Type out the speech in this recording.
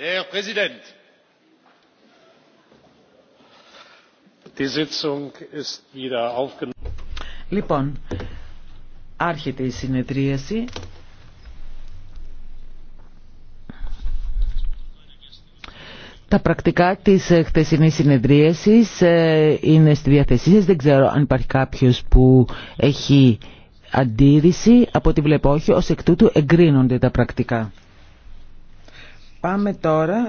herr präsident! λοιπόν άρχεται η συνεδρίαση. Τα πρακτικά της χτεσινής συνεδρίασης ε, είναι στη διάθεσή σας. Δεν ξέρω αν υπάρχει κάποιος που έχει αντίρρηση. Από ό,τι βλέπω όχι, ως εκ τούτου εγκρίνονται τα πρακτικά. Πάμε τώρα